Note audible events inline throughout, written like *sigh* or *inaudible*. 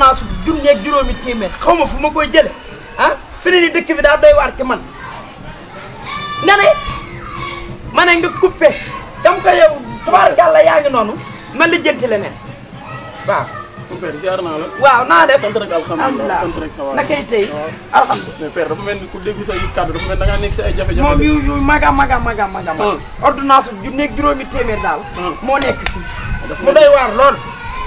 naa su junneeg juróomi téeméer xaw ma fu ma koy jële ah fi ne ni dëkk bi daa doy waar ci man nga ne ma ne nga coupé dam ko yow tubaarkàlla yaa ngi noonu ma lijjanti leneen waaw père ziar naa la. waaw naa def sant rek alhamdulilah sant rek sa waay nakay tey alhamdulilah mais père dafa mel ni ku dégg say kàddu dafa mel da ngaa nekk si ay jafe-jafe moom yu yu maga maga maga maga ah. ordonnance ju nekk juróomi téeméer daal ah. moo nekk fii mu doy waar lool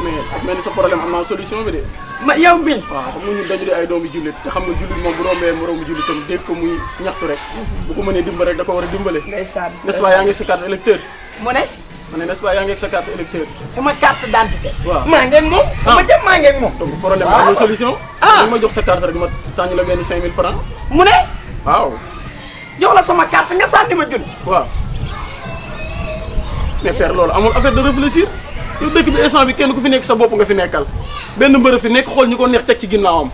mais mel ni sa problème am naa solution bi de ma yow mii. waaw ah, xam nga ñun dañu ne ay doomu jullit te xam nga jullit moom bu rombee moroomu jullitam dégg ko muy ñaxtu rek. Mhm. bu ko mënee dimbale rek da ko war a dimbale. ndeysaan n'est-ce pas yaa ngi sa carte électeur. mu ne. ma ne n'est-ce pas yaa ngi sa carte électeur. sama carte d'identité. waaw maa ngeen moom. Ah. sama jëm maa ngeen moom. donc problème ah. amul solution. ah ma jox sa carte rek ma sànni la benn 5000 francs. mu ne. waaw. jox la sama carte nga sànni ma junni. waaw mais père loolu amul affaire de réfléchir. yow dëkk bi instant bi kenn ku fi nekk sa bopp nga fi nekkal benn mbër fi nekk xool ñu ko neex teg ci ginnaawam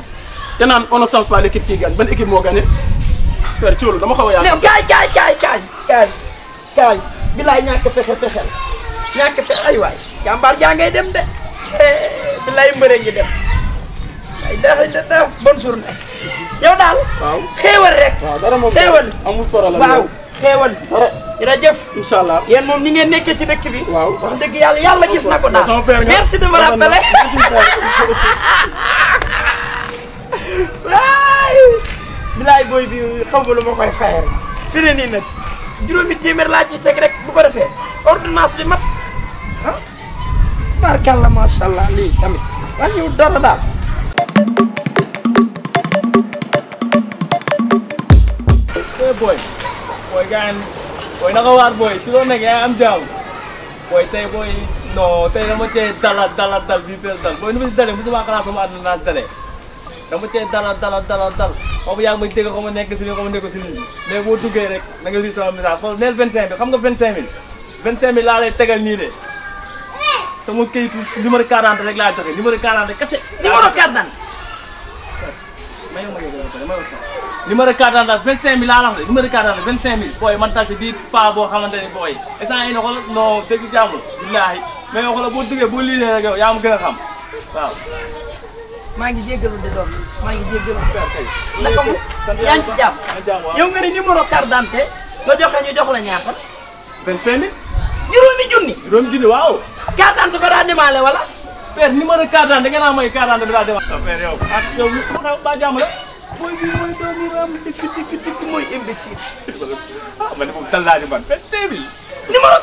te naan on ne change pas l'équipe kii gagne ban équipe moo gagne fer ci loolu dama xaw a yaakaar. kaay kaay kaay kaay kaay kaay bilaay ñàkk pexe pexe la ñàkk pexe ay waay jàmbaar jaa ngay dem de bilaay mbëre ngi dem ay def da def bonne journée yow daal. waaw xéewal rek. waaw dara moom xéewal amul problème waaw xéewal. jërëjëf incha allah yéen moom ni ngeen nekkee ci dëkk bi. waaw wax dëgg yàlla yàlla gis na ko daal merci de me rappeler. *laughs* waay. bilaay booy bi xaw ma lu ma koy nii nag juróomi téeméer laa ci teg rek bu ko defee ordonnance bi mat ah. allah lii tamit wàññiwul dara daal. eh booy booy gaan booy naka waar booy ci loo nekk yaa booy tey booy non tey dama cee dalal dalal dal bii benn dal booy nu ma si dalee mosuma xalaat sama àdduna naan dalee dama cee dalal dalal dal xaw yaa ngi may dégg xaw ma nekk si lii xaw ma nekk si lii mais boo duggee rek na nga lii sama message xool neel 25000 xam nga 25000 25000 laa lay tegal nii de eh. sama kayitu numéro 40 rek laa joxe numéro 40 kese. numéro 40. numéro 4 ans 25000 la wax numéro 4 ans 25000 boy man tax bi pa bo xamanteni boy essant yi nako no deug jamm billahi may wax la bo duggé bo li rek yow ya am gëna xam waaw ma ngi jéggalu de doom ma ngi jéggalu tay nako ya ngi jamm yow nga ni numéro 4 d'anté nga joxé ñu jox la ñaata 25000 juromi junni juromi junni waaw 4 ans ko da animalé wala père numéro carte da ngeen a may carte bi laa dem. affaire yow ak yow lu tax ba jàmm la. mooy bi mooy doomu yi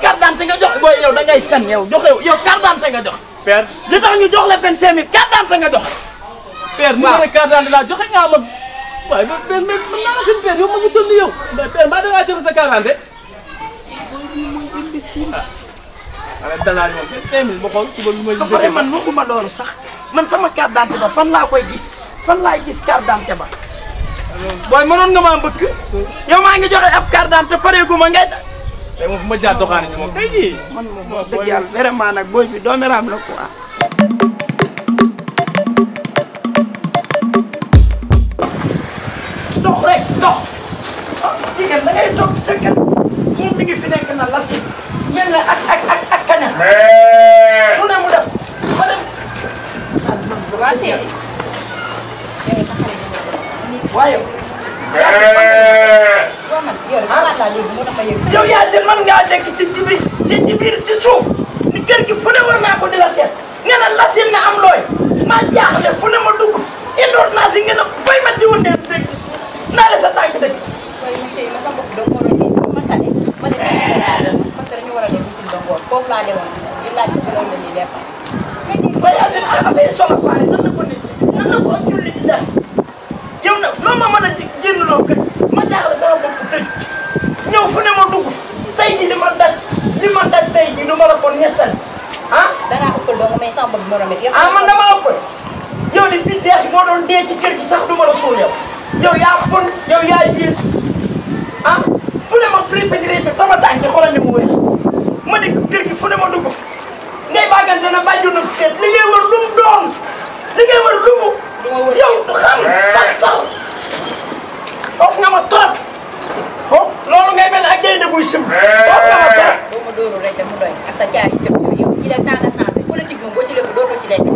am dikk nga jox booy yow da ngay fen yow joxe yow carte d'identité nga jox. père li tax ñu jox la 25000 carte d'identité nga jox. père numéro carte d'identité laa joxe nga ma. yow ma ngi toll yow. mais père mbaa da sa carte d'identité. mooy mooy imbécile. dalaa ñoom 25000 ba xool suba lu may. ba pare eh, man waxuma loolu sax man sama carte d'identité ba fan laa koy gis fan laay gis carte d'identité ba. booy mënoon nga maa mbëkk. yow maa ngi joxe ab carte d'identité pareegu ma ngay. tey moom ma jaar doxaani ñu moom tey jii. man moom wax nag booy bi doomeraam la quoi. dox rek dox. ah jigéen da ngay toog sa kër ngi fi nekk na la si mel ne ak. waaye. yow yaa si man ngaa dëkk ci ci biir ci biir ci suuf ni kër gi fu ne war naa ko di la seet nga ne lasin na am looy maa jaaxle fu ne ma dugg indoor naa si nga ne bay ma diwoon ne dëkk naa la sa tànk dëkk. ma tane ma def parce que dañu war a def ci ndox foofu laa demoon loo ma mën a génn loo kat ma jaaxle sama bopp dëj ñëw fu ne ma dugg tey li ma daj li ma daj tey ji du ma la ko ñettal ah. da ngaa ëppal dong mais sama bopp moo ah, doon moo doon dee ci kër gi sax du ma la suul yow yow yaa bon yow yaa yées ah fu ne ma préféré sama tànk xoolal ni mu wér. koy sëb. foofu la ma dara. boo ma dóorul rek de mu doy ak sa jaay jëm yow. ñu ne tant que sens politique moom boo ci lekk doo ko ci lekk.